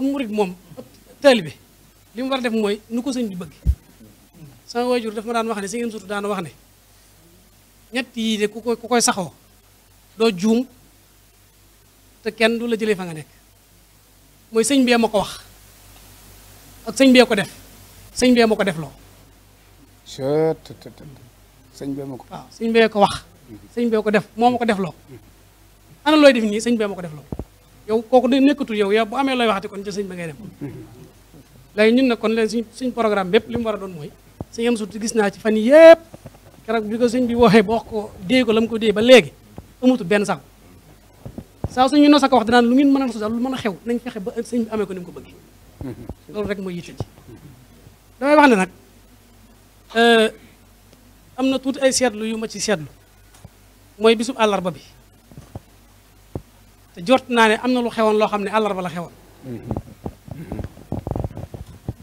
am murit moom ab taalibe bi mu war a def mooy nu ko sëñ bi bëgg sama waajur dafa ma daan wax ne si ngeen surtout daan wax ne ñetti yii de ku koy ku koy saxoo doo juum te kenn du la jëlee fanga nga mooy sëñ bee ma ko wax ak sëñ bee ko def sëñ bee ma ko def loo sëñ bee ko waaw sëñ bee ko wax sëñ bee ko def moo ma ko def loo ana looy def nii sëñ bee ma ko def loo yow kooku day nekkatul yow yaa bu amee looy waxati kon ca sëñ ba ngay dem léegi ñun nag kon léegi suñ programme bépp li mu war a doon mooy sëñ am surtout gis naa ci fan yëpp keroog bi ko sëñ bi waxee ba wax ko déey ko la mu ko déey ba léegi amutu benn sax saa suñu nos ak wax dinaan lu ngeen mën a sosal lu mën a xew nañ fexe ba sëñ bi amee ko ni ko bëggee loolu rek mooy yitte ji damay wax ne nag euh, am na tuuti ay seetlu yu ma ci seetlu mooy bisub àllarba bi jot naa ne am na lu xewoon loo xam ne àllarba la xewoon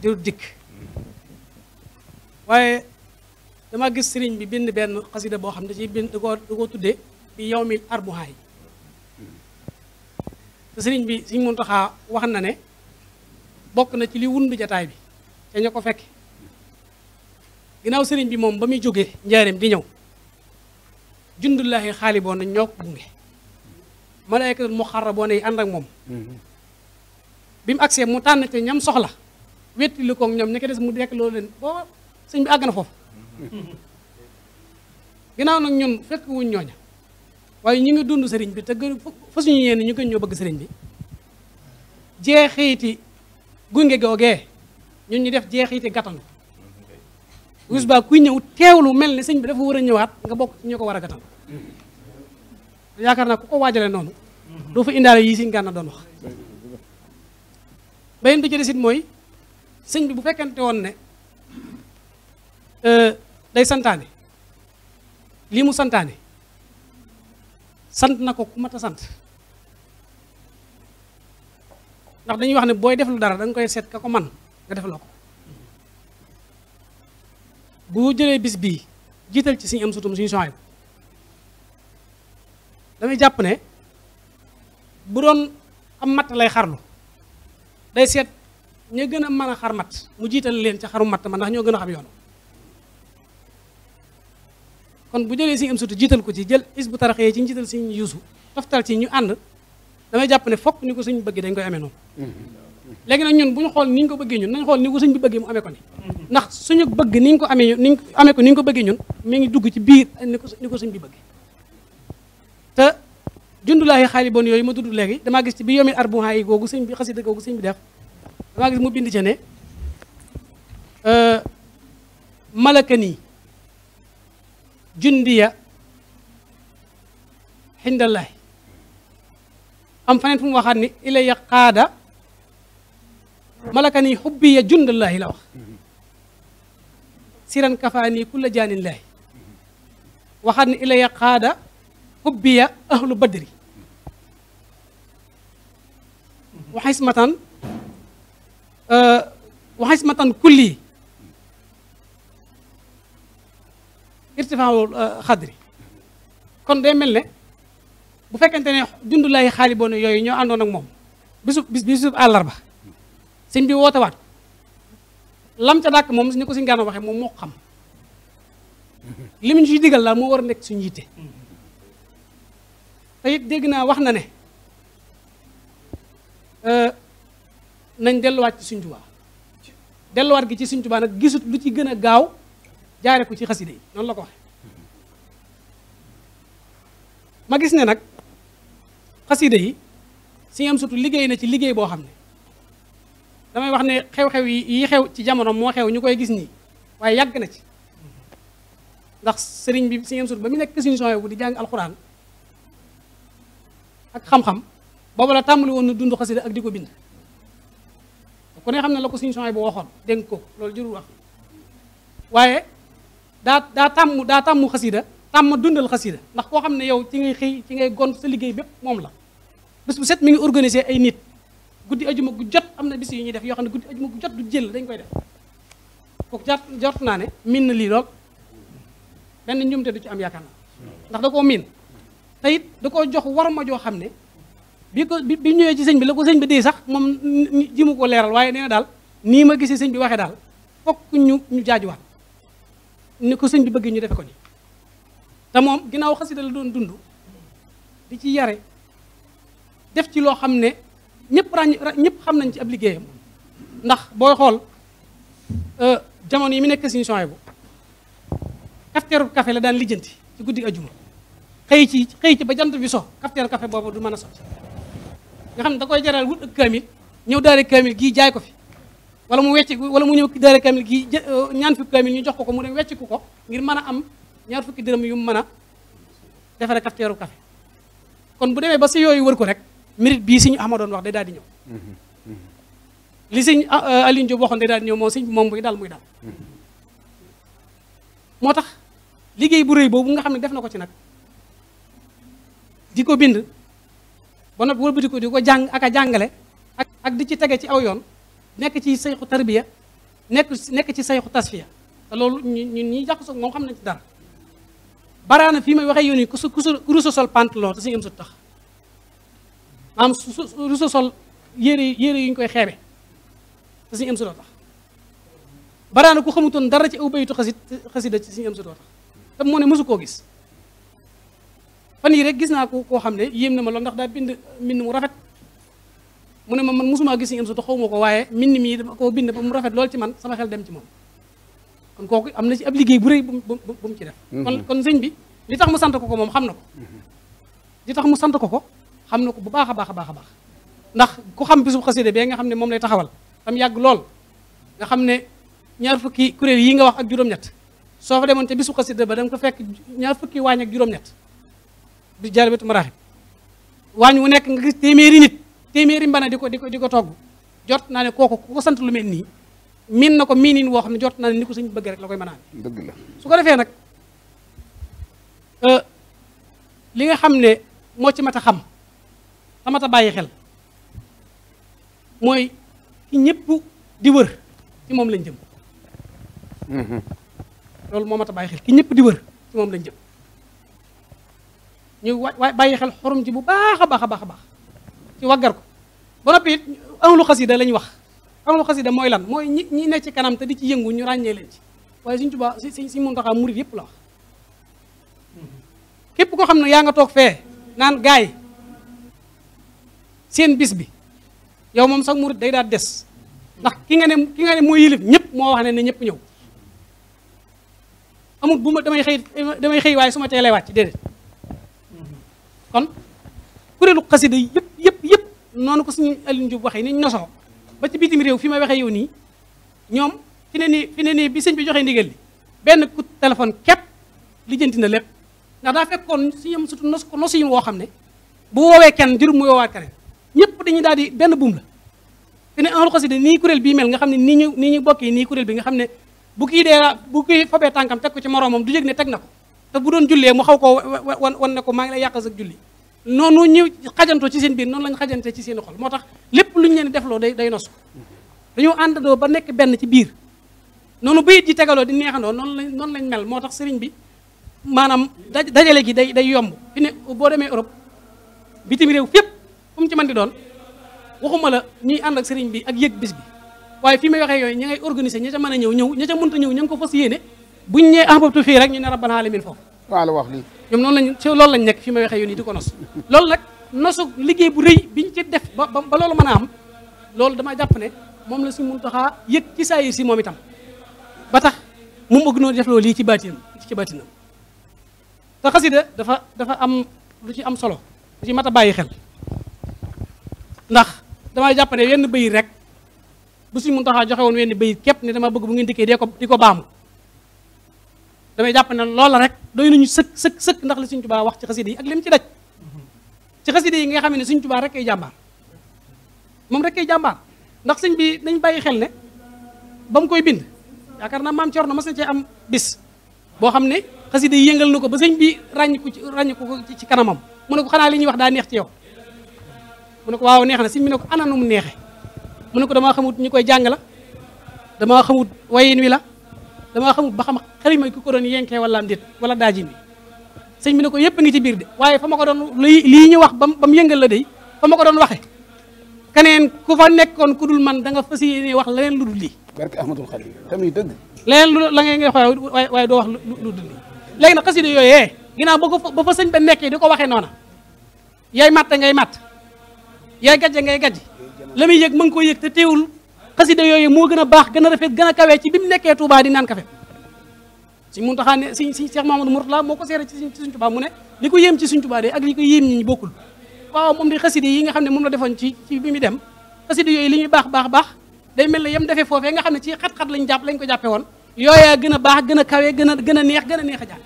di dikk waaye dama gis sëriñ bi bind benn xasida boo xam ne da ciy da koo koo tuddee bi yow mi arbuhaay te sëriñ bi Sëriñ wax na ne bokk na ci li wund bi te ña ko fekk ginnaaw sëriñ bi moom ba muy jóge njaareem di ñëw jundullaahi xaaliboon na ñoo ko mu muxarraboon yi ànd ak moom mm-hmm. bi mu agsee mu tànn ci ñam soxla wetti li koog ñoom ñi ko des mu dekk loolu leen booba sëñ bi àgg na foofu mm-hmm. ginnaaw nag ñun fekk wuñ ñooña waaye ñu ngi dund sëriñ bi te gën fa suñu yéen ñu gën ñoo bëgg sëriñ bi jeexiti gunge googee ñun ñu def jeexiti gàttandu mm-hmm. wis baa kuy ñëw teewlu mel ni sëñ bi dafa war a ñëwaat nga bokk ci ñu ko war a gàttandu yaakaar naa ku ko waajalee noonu doo fa indaale yi siñ gànna doon wax beneen bi ci sit mooy sëñ bi bu fekkente woon ne euh, day santaane lii mu santaane sant na ko ku mat a sant ndax dañuy wax ne booy def lu dara da koy seet ka ko man nga def loo ko bu jëlee bis bii jiital ci suñu am sutum suñu soxay damay jàpp ne bu doon am matt lay xar xarlu day seet ñu gën a mën a xar matt mu jiital leen ca xaru matt ma ndax ñoo gën a xam yoonu kon bu jëlee siñu am sutu jiital ko ci jël is bu taraxee ci njiital siñ yuusu toftal ci ñu ànd damay jàpp ne fokk ni ko suñ bëggee dañ koy amee noonu léegi ñu ñu ko bëggee ñun nañ xool ni ko suñ bi bëggee mu amee ko ni ndax suñu bëgg ni ñu ko amee niñ amee ko ni ñu ko bëggee ñun mi ngi dugg ci biir ni ko ni ko suñ bi bëggee te jundulaahi xaali yooyu ma tudd léegi damaa gis ci bi yomi arbuha yi googu sëñ bi xasida googu sëñ bi def damaa gis mu bind ca ne euh, malakani jundiya xindallaahi am faneen fu mu waxaat ni ilaya qaada malakani xubbiya jundallaahi la wax siran kafaani kulla jaanin waxaat ni ilaya qaada ubbiya ahlu badri wa xismatan eh, wa xismatan kulli irtifaaul eh, xadri kon day mel ne bu fekkente ne jundu lay xaali boone yooyu ñoo àndoon ak moom bisub bis bisub àllarba sëñ bi woote waat lam ca dàkk moom ni ko sëñ Gana waxee moom moo xam li mu ñu ciy moo war a nekk suñu yitte te dégg naa wax na ne euh, nañ delluwaat ci Sëñ Tuubaa delluwaat gi ci Sëñ nag gisut lu ci gën a gaaw jaare ko ci xasida yi noonu la ko waxe ma gis ne nag xasida yi si sutu surtout liggéey na ci liggéey boo xam ne damay wax ne xew-xew yi yi xew ci jamono moo xew ñu koy gis nii waaye yàgg na ci ndax sëriñ bi si am surtout ba mu nekk suñu sooy bu di jàng alxuraan ak xam-xam booba la tàmbali woon na dund xasida ak di ko bind ku ne xam ne la ko suñu songe bu waxoon dénk ko loolu jurul wax waaye daa daa tàmm daa tàmm xasida tàmm dundal xasida ndax koo xam ne yow ci ngay xëy ci ngay gon sa liggéey bépp moom la bés bu set mi ngi organiser ay nit guddi ajuma gu jot am na bis yu ñuy def yoo xam ne guddi ajuma gu jot du jël dañ koy def kooku jot jot naa ne miin na lii lool benn njumte du ci am yaakaar naa ndax da koo miin te it da koo jox war ma joo xam ne bi ko bi ñëwee ci sëñ bi la ko sëñ bi dee sax moom ji mu ko leeral waaye nee na daal nii ma gisee sëñ bi waxee daal fokk ñu ñu jaajuwaat ne ko sëñ bi bëggee ñu defe ko ni te moom ginnaaw xasida la doon dund di ci yare def ci loo xam ne ñëpp ràññ ñëpp xam nañ ci ab liggéeyam ndax booy xool euh, jamono yi mu nekk Sëñ Suwaybu bu kafteeru café la daan lijjanti ci guddi ajuma xëy ci xëy ci ba jant bi so kafteelu kafe boobu du man a so nga xam ne da koy jaral wut ak kaamil ñëw daare kaamil gii jaay ko fi wala mu wecc wala mu ñëw daare kaamil gii euh, ñaan fukki kaamil ñu jox ko ko mu dem wecc ko ko ngir mën a am ñaar fukki dërëm yu mu mën a defare kafteeru café kon bu demee ba si yooyu wër ko rek mérite bii si ñu amadoon wax de daal di ñëw li sëñ euh, Alioune Diop waxoon day daal di ñëw moom sëñ moom muy daal muy daal moo tax liggéey bu réy boobu nga xam ne def na ko ci nag di ko bind ba noppi wëlbati ko di ko jàng ak jàngale ak ak di ci tege ci aw yoon nekk ci sayxu tarbiya nekk nekk ci sayxu tasfiya te loolu ñun ñi jàq soog moom xam nañ ci dara baraana fii may waxee yoon yi ku su ku rusa sol pantalon te si am sut tax yére yére yu koy xeebe te si am sutoo tax baraana ku xamutoon dara ci aw bayitu xasit xasida ci si am sutoo moo ne mësu koo gis fan yii rek gis naa ko koo xam ne yéem na ma loolu ndax daa bind mbind mu rafet mu ne ma man mosumaa gis Serigne Amsatou xaw ma ko waaye mbind mii dama koo bind ba mu rafet lool ci man sama xel dem ci moom kon kooku am na ci ab liggéey bu rëy bu bu mu ci def mhm. kon kon sëñ bi li tax mu sant ko ko moom xam na ko li tax mu sant ko ko xam na ko bu baax a baax a baax a baax ndax ku xam bisub xasida bee nga xam ne moom lay taxawal tam yàgg lool nga xam ne ñaar fukki kuréel yi nga wax ak juróom-ñett soo fa demoon ca bisu xasida ba da nga ko fekk ñaar fukki waañ ak du jalibatu maraxib waañ wu nekk nga gis téeméeri nit téeméeri mbana di ko di ko di ko togg jot naa ne kooku ku sant lu mel nii miin na ko miinin woo xam ne jot naa ne ni ko suñ bëgg rek la koy mën a su ko defee nag euh, li nga xam ne moo ci mat a xam tamat a bàyyi xel mooy ki ñëpp di wër ci moom lañ jëm mm-hmm. loolu moo mat a baay xel ki ñëpp di wër ci moom lañ jëm ñu wa bàyyi xel xorom ji bu baax a baax a baax a baax ci waggar ko ba noppi it ahlu xasida la ñuy wax ahlu xasida mooy lan mooy ñi ñi ne ci kanam te di ci yëngu ñu ràññee leen ci waaye suñ tubaa si si Muntaxa murit yëpp la wax képp koo xam ne yaa nga toog fee naan gaay seen bis bi yow moom sax murit day daal des ndax ki nga ne ki nga ne mooy yilif ñëpp moo wax ne ñëpp ñëw amul bu ma damay xëy damay xëy waaye su ma teelee wàcc déedéet kon kuréelu xasida yëpp yëpp yëpp noonu ko suñu Alioune Diop waxee ni ñu nosoo ba ci bitim réew fi may waxee yow nii ñoom fi ne nii fi ne nii bi sëñ bi joxe ndigal li benn coup téléphone képp lijjanti na lépp ndax daa fekkoon suñu am surtout nos ko nosu yi woo xam ne bu woowee kenn jur mu woowaat keneen ñëpp ñu daal di benn buum la fi ne Ahlu Xasida nii kuréel bii mel nga xam ne nii ñu nii ñu bokkee nii kuréel bi nga xam ne bu kii dee bu kii fobee tànkam ko ci moroomam du yëg ne teg na ko te bu doon jullee mu xaw koo wan wan ne ko maa ngi lay yàqal sa julli noonu ñu xajantoo ci seen biir noonu lañ xajante ci seen xol moo tax lépp lu ñu leen defloo day day nos dañoo àndandoo ba nekk benn ci biir noonu bayit ji tegaloo di neexandoo noonu lañ noonu lañ mel moo tax sëriñ bi maanaam dajale gi day day yomb fi boo demee Europe bitim réew fépp fu mu ci mën di doon waxuma la ñuy ànd ak sëriñ bi ak yëg bis bi waaye fi may waxee yooyu ña ngay organiser ña ca mën a ñëw ñëw ña ca mënta ñëw ña ngi ko fas yéene buñ ñee en fii rek ñu ne rabbana alamin foofu maa la wax lii ñoom noonu lañ ci loolu lañ nekk fi may waxee yoon yi ko nos loolu nag nosu liggéey bu rëy bi biñ ci def ba ba loolu man a am loolu dama jàpp ne moom la suñu Muntaxaa yëg ci saa si moom itam ba tax mu bëgg noonu def lii ci baatinam ci baatinam te xasida dafa dafa am lu ci am solo lu ci mat a bàyyi xel ndax damay jàpp ne yenn bayit rek bu suñu Muntaxaa joxe woon wenn bayit képp ne dama bëgg bu ngeen dikkee dee ko di ko baamu damay jàpp ne loola rek doy nañu sëkk sëkk sëkk ndax li Sëñ Tuubaa wax ci xasida yi ak lim ci daj ci xasida yi nga xam ne Sëñ Tuubaa rek ay jàmbaar moom rek ay jàmbaar ndax sëñ bi dañ bàyyi xel ne ba mu koy bind yaakaar naa maam Cerno mas na cee am bis boo xam ne xasida yi yëngal na ko ba sëñ bi ràññiku ci ràññiku ko ci kanamam mu ne ko xanaa li ñuy wax daa neex ci yow mu ne ko waaw neex na si mu ne ko ana nu mu neexe mu ne ko dama xamut ñu koy jàng la damaa xamut wayin wi la damaa xamul ba xam xalima ku ko doon yenkee wala am déet wala daaji mi sëñ bi ne ko yëpp a ngi ci biir de waaye fa ma ko doon lii ñu wax ba mu yëngal la day fa ma ko doon waxe keneen ku fa nekkoon ku dul man da nga fas yéene wax leneen lu dul lii. barke Ahmadul Xadim tamit dëgg. leneen lu la ngay ngay xool waaye waaye doo wax lu lu dul lii léegi nag xasida yooyee ginnaaw ba ko fa ba fa sëñ ba nekkee di ko waxee noona yaay matt ngay matt yaay gajje ngay gajj la muy yëg ma ngi koy yëg te teewul xasida yooyu moo gën a baax gën a rafet gën a kawee ci bi mu nekkee Touba di naan kafe si mun taxaa ne si si Cheikh Mamadou Mourtala moo ko seere ci suñ Touba mu ne li ko yéem ci suñ Touba de ak li moom di yi nga xam ne moom la defoon ci ci bi mu dem xasida yooyu li ñuy baax baax baax day mel ne yem defee foofee nga xam ne ci xat-xat lañ jàpp lañ ko jàppe woon yooyaa gën a baax gën a kawee gën a gën a neex gën a neex a jàpp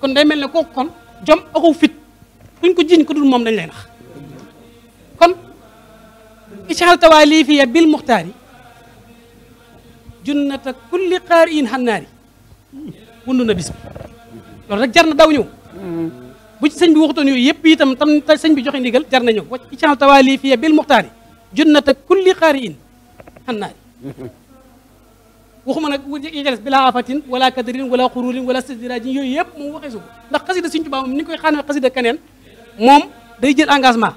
kon day mel ne kooku kon jom akoo fit kuñ ko jiñ ko dul moom dañ lay nax ical tawalifiya bil muxtaari junnata kulli qaari in xannaari wund na bis bi loolu rek jar na daw ñëw bu ci sëñ bi waxutoon yooyu yëpp itam tam sëñ bi joxe ndigal jar na ñëw wa ical tawalifiya bil muxtaari junnata kulli qaari in xannaari waxuma nag ijales bila afatin wala kadrin wala xururin wala sidrajin yooyu yëpp moom waxee ndax xasida Sëñ Tuubaa moom ni koy xaanee xasida keneen moom day jël engagement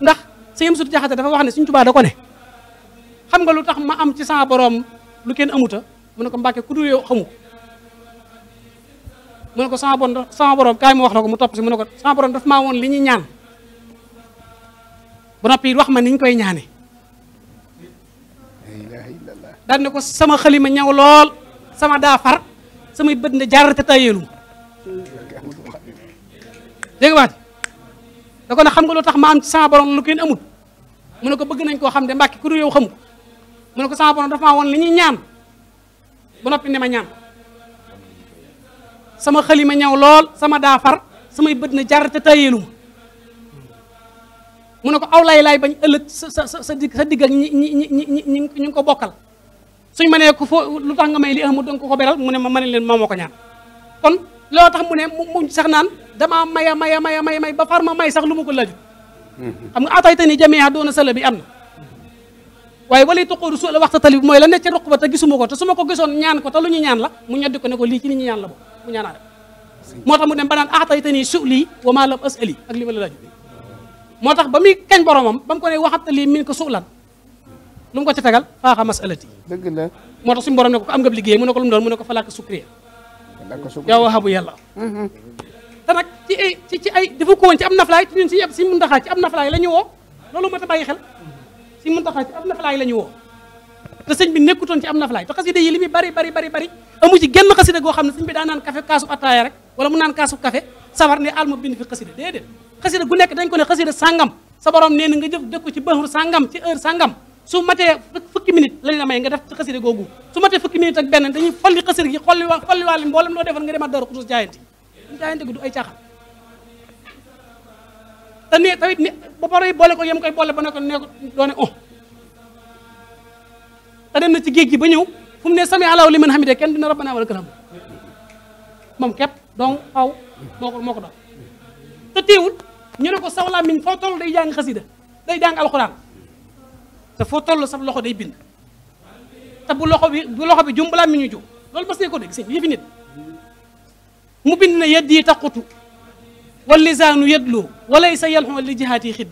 ndax sëñ Amsatu Jaxate dafa wax ne Sëñ Tuubaa da ko ne xam nga lu tax ma am ci sama borom lu kenn amuta mu ne ko Mbàkke ku dul yow xamu ko mu ne ko sama bon sama mu wax la ko mu topp si mu ne ko sama borom daf maa woon li ñuy ñaan bu noppi wax ma ni ñu koy ñaane daan ne ko sama xalima ñaw lool sama daa far samay bët ne jaar te tayeelum dégg nga da ko ne xam nga loo tax ma am sama borom lu kenn amut mu ne ko bëgg nañ koo xam ne mbàkki ku yow xam mu ne ko sama borom li ñuy ñaan ba noppi ne ma ñaan sama xalima ñaw lool sama daafar samay bët na jar te tayeelu ma mu ne ko aw lay laay bañ ëllëg sa sa sa sa digg ak ñi ñi ñi ñi ñu ko bokkal suñ ma nee ko foo lu tax nga may li amut danga ko ko mu ne ma ma ne leen moo ma ko ñaan kon loo tax mu ne mu sax naan damaa may a may a may a may may ba far ma may sax lu ma ko laajut xam nga atayta ni jamia doona sala bi am na waaye wali tuqoodu su la waxta talib mooy la ne ci ruq ba te gisuma ko te su ma ko gisoon ñaan ko te lu ñu ñaan la mu ñoddi ko ne ko lii ci nit ñi ñaan la bo mu ñaanaa def moo tax mu dem ba naan ah, atayta ni su lii wa maa lam asali ak li ma la laajut moo tax ba muy kañ boromam ba mu ko ne waxatta lii min ko sulan lu mu ko ci tegal faaxa masalati dëgg la moo tax suñu borom ne ko am nga liggéey mu ne ko lu mu doon mu ne ko falaaka sukriya yow waxabu yàlla mm-hmm. te nag ci ay ci ay dafa ko woon ci am naflaay ci ñun si si muntaxaa ci am naflaay la woo loolu mat a bàyyi xel si muntaxaa ci naflaay la ñu woo te sëñ bi nekkutoon ci am naflaay te xasida yi li muy bari bari bari bari amu ci genn goo xam ne sëñ bi daa naan café kaasu attaaya rek wala mu naan kaasu café sabar ne alma bind fi xasida déedéet xasida gu nekk dañ ko ne xasida sàngam sa borom nga dëkku ci bëxur sàngam ci heure sàngam su matee fukki minute lañ la may nga def ci xasida googu su matee fukki minute ak benn dañuy jaayante gi du ay caaxaan te ne tamit ne ba pare boole ko yem koy boole ba ne ko nee ko doone oh te dem na ci géej gi ba ñëw fu mu ne sami allahu liman hamide kenn dina rabbana wala këram moom képp donc aw moo ko moo ko doon te teewul ñu ne ko saw làmmiñ foo toll day jàng xasida day jàng alxuraan te foo toll sab loxo day bind te bu loxo bi bu loxo bi jum balaa mi ñu jum loolu bas ne ko dégg sëñ yëfi nit mu bind na yedd yi taqutu wal loo yedloo walay sa yalxu li jihaati xid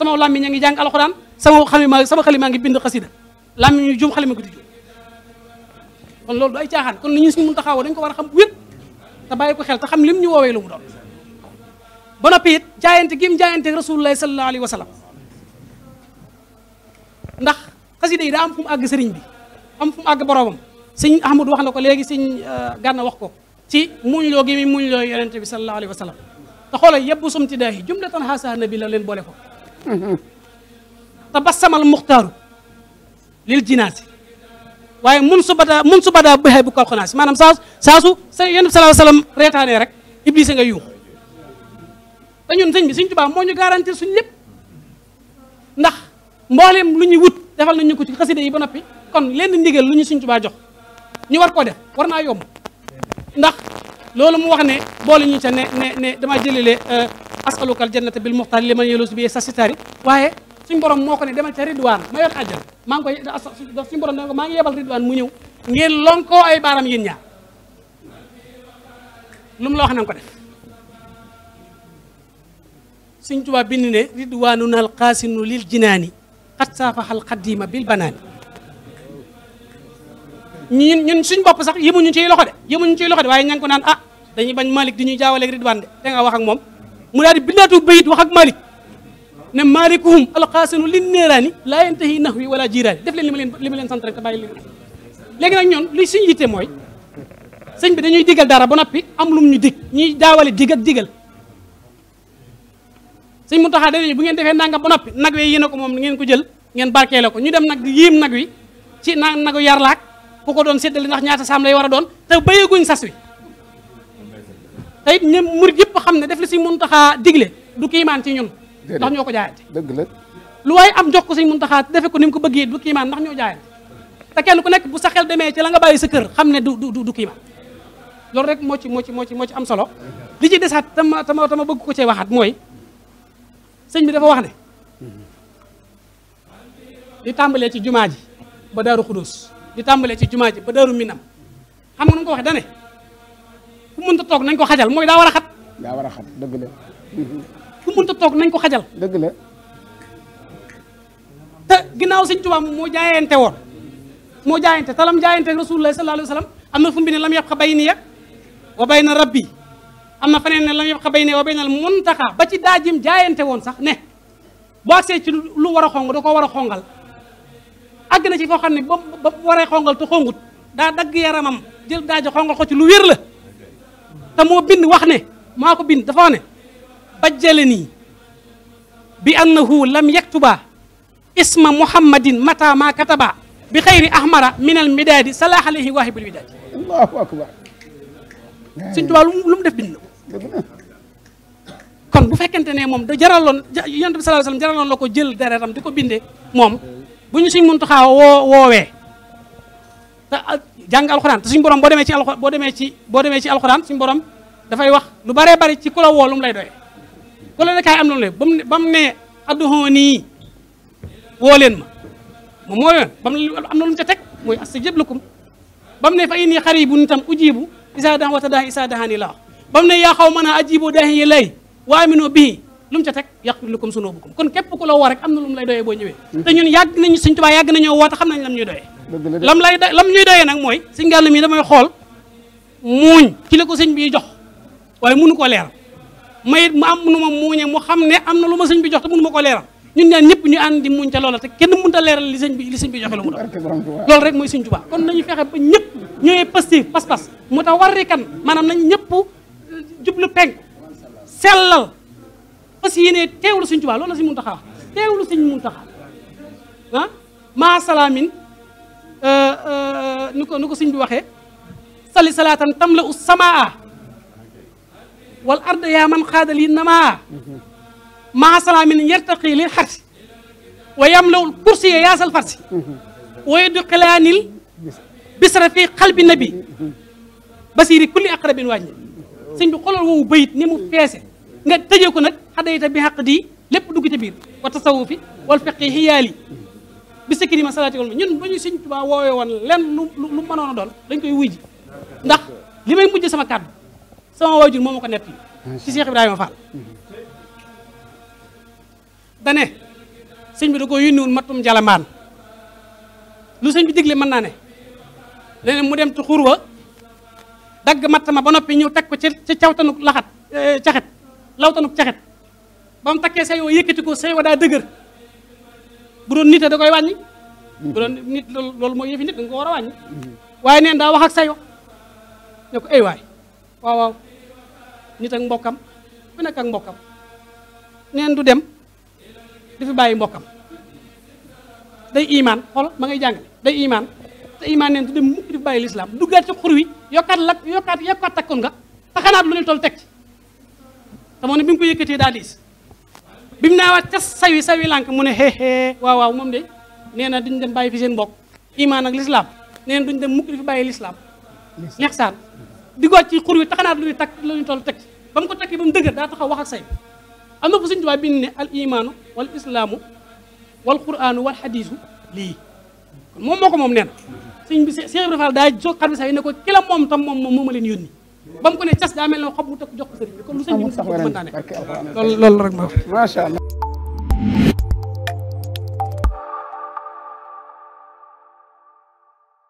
sama làmmiñ a ngi jàng alxuraan sama xalimaa sama xalimaa ngi bind xasida làmmiñ ñu jum xalima ko di kon loolu du ay caaxaan kon li ñu suñu mun taxawoo dañ ko war a xam wépp te bàyyi ko xel te xam lim ñu woowee lu mu doon ba noppi it jaayante gi mu jaayante rasulullahi sallallahu alayhi wa sallam ndax xasida yi daa am fu mu àgg sëriñ bi am fu mu àgg boroomam sëñ Ahmadu wax na ko léegi sëñ euh, Gànna wax ko ci muñ loo gi mi muñ loo yonente bi sallallahu alayhi wa ti te xoolal yebbu sumti daahi jumlatan xaasa nabi la leen boole ko te bassamal muxtaaru lil jinaasi waaye mun su badaa mun su badaa bu xay bu kaw xanaasi maanaam saa saasu sa yonente bi sallallahu alayhi wa sallam nga yuux te ñun sëñ bi sëñ Tuubaa moo ñu garantir suñ lépp ndax mboolem lu ñu wut defal nañ ñu ko ci xasida yi ba noppi kon lenn ndigal lu ñu sëñ Tuubaa jox ñu war koo def war naa yomb ndax loolu mu wax ne bool ñu ca ne ne ne dama jëlile euh, asaluka al bil muxtaar li man yeloosu bi sa sitari waaye suñ borom moo ko ne demal ca ridwaan ma maa ngi koy ko maa ngi yebal ridwaan mu ñëw ngeen lonkoo ay baaram yéen ñaar lu mu la wax na nga ko def suñ tubaab bind ne ridwaanun alqaasinu lil jinaani xat saafaxal xaddiima bil banaani ñun ñun suñ bopp sax yemuñu ciy loxo de yemuñu ciy loxo de waaye ña ko naan ah dañuy bañ Malick di ñuy jaawaleeg Ridwaan de da nga ak moom mu daal di bindaatu bayit ak Malick ne malikuhum alqaasinu lin neeraani laa yantahi nahwi wala jiiraani def leen li ma leen li ma leen sant rek te bàyyi leen léegi nag ñoom li suñ yitte mooy sëñ bi dañuy digal dara ba noppi am lum ñu dig ñuy jaawale dig ak digal sëñ mu taxaa dañu bu ngeen defee nangam ba noppi nag wee yéen a ko moom ngeen ko jël ngeen barkeele ko ñu dem nag yéem nag wi ci na nagu yarlaak ku ko doon séddale ndax ñaata saam lay war a doon te bayeeguñ sas wi te it ñoom murid yëpp xam ne def li Sëñ Muntaxa digle du kiimaan ci ñun ndax ñoo ko jaayante dëgg la lu waaye am jox ko Sëñ Muntaxa te defe ko ni mu ko bëggee du kiimaan ndax ñoo jaayante te kenn ku nekk bu sa xel demee ci la nga bàyyi sa kër xam ne du du du kiimaan loolu rek moo ci moo ci moo ci moo ci am solo li ci desaat tama tama tama bëgg ko cee waxaat mooy sëñ bi dafa wax ne li mhm. tàmbalee ci jumaa ji ba daaru xudóos di tàmbalee ci jumaa ji ba mi minam xam nga nu ko waxee dane fu mënta toog nañ ko xajal mooy daa war a xat daa war a xat dëgg la fu mënta toog nañ ko xajal dëgg la te ginnaaw sëñ Tuubaa moom moo jaayante woon moo jaayante talam jaayante rasulullah sallallahu alayhi wa sallam am na fu mu ne lam yab xa bay ni ya wa bay na rabbi am na feneen ne lam yab xa bay ni ya wa bay na muntaxa ba ci daajim jaayante woon sax ne boo agsee ci lu war a xong da koo war a xongal àgg na ci foo xam ne ba ba waree xongal te xongut daa dagg yaramam jël daa ji xongal ko ci lu wér la te moo bind wax ne maa ko bind dafa ne bajjale nii bi annahu lam yaktuba isma muhammadin mata ma kataba bi xayri ahmara min al midaadi salaax alayhi waahibul widaadi allahu akbar suñ lu mu def bind na kon bu fekkente ne moom da jaraloon yonent bi sallallahu alayhi wasallam jaraloon la ko jël deretam di ko binde moom bu ñu suñ Muntaxa woo woowee te ah, jàng alxuraan te suñ borom boo demee ci alxuraan boo demee ci boo demee ci alxuraan suñ borom dafay wax lu baree bari ci ku woo lu lay doyee ku la ne kaay am lu mu lay ba mu ba mu ne adduhoonii ma moo leen ba mu am na lu mu ca teg mooy astajib lakum ba mu ne fa inni xaribun itam ujibu isaa daa wata daa isaa dahaani laa ba mu ne yaa xaw mën a ajibu daahi lay wa aminu bihi lu mu ca teg yàqu lu kom sunoo bukum kon képp ku la woo rek am na lu mu lay doyee boo ñëwee te ñun yàgg nañu Sëñ Tuubaa yàgg nañoo woote xam nañ lam ñuy doyee lam lay lam ñuy doyee nag mooy sëñ gàll mii damay xool muuñ ci la ko sëñ bi jox waaye mënu ko leeral mayit mu am nu ma muuñe mu xam ne am na lu ma sëñ bi jox te mënu ma ko leeral ñun ñaan ñëpp ñu ànd di muñ ca loola te kenn mënu ta leeral li sëñ bi li sëñ bi joxe lu mu doon loolu rek mooy Sëñ Tuubaa kon nañu fexe ba ñëpp ñooy pastif pas-pas mu tax warri kan maanaam nañ ñëpp jublu penk sellal fas yéenee teewlu suñ Tuubaa loolu la Muntaxa wax teewlu suñ maa ah, salaamin euh, euh, nu ko nu ko suñ bi waxee salli salaatan tam la samaa wal arda yaa man xaadal yi namaa maa salaamin yartaqi lil xarsi wa yamlawul kursi ya yaasal farsi wa yudxilaanil bisra fi xalbi nabi basiri kulli aqrabin wàññi sëñ bi xoolal woowu bayit ni mu feese nga tëjee ko nag xadayta bi xaq di lépp dugg ci biir wa tasawufi wal fiqi xiyaali bi sikkiri ma salaati wal ñun ba ñu Sëñ Tuubaa woowee woon lenn lu lu mënoon doon dañ koy wuy ji ndax li may mujj sama kàddu sama waajur moo ma ko seex ci Cheikh Ibrahima Fall dane sëñ bi da koo yónniwul mattum jalamaan lu sëñ bi digle man naa ne leneen mu dem ci xur wa dagg matt ma ba noppi ñëw teg ko ci ci cawtanuk laxat eh, caxet lawtanuk caxet ba mu takkee say wa ko say daa dëgër bu doon nit da koy wàññi bu doon nit loolu mooy yëfi nit ko war a wàññi waaye neen daa wax ak say wa ne ko ay waay waaw waaw nit ak mbokkam nekk ak mbokkam neen du dem dafi bàyyi mbokkam day imaan xool ma ngay jàngale day imaan te imaan neen du dem mukk dafi bàyyi lislaam duggaat ci xur yokkaat lak yokkaat yokkaat takkoon nga taxanaat lu ne toll teg ci te moo ne bi ko yëkkatee daa diis bi mu naawaat ca sawi sawi lànk mu ne xeexee waaw moom de nee na duñ dem bàyyi fi seen mbokk imaan ak lislaam nee duñ dem mukk di fi bàyyi lislaam neex saan di gooj ci xur wi taxanaat lu ñu takk lu ñu toll teg ba mu ko tekki ba mu dëgër daa taxaw wax ak say am na fu Sëñ Tuubaa bind ne al imaanu wal islaamu wal quraanu wal xadiisu lii kon moom moo ko moom nee na sëñ bi Cheikh Ibrahima Fall daa jo xam ne sax ne ko ki moom tam moom moom moo ma leen yónni ba mu ko ne cas daa mel ne xob mu tëkk jox ko sëriñ bi kon lu sëriñ bi mën naa ne rek ma wax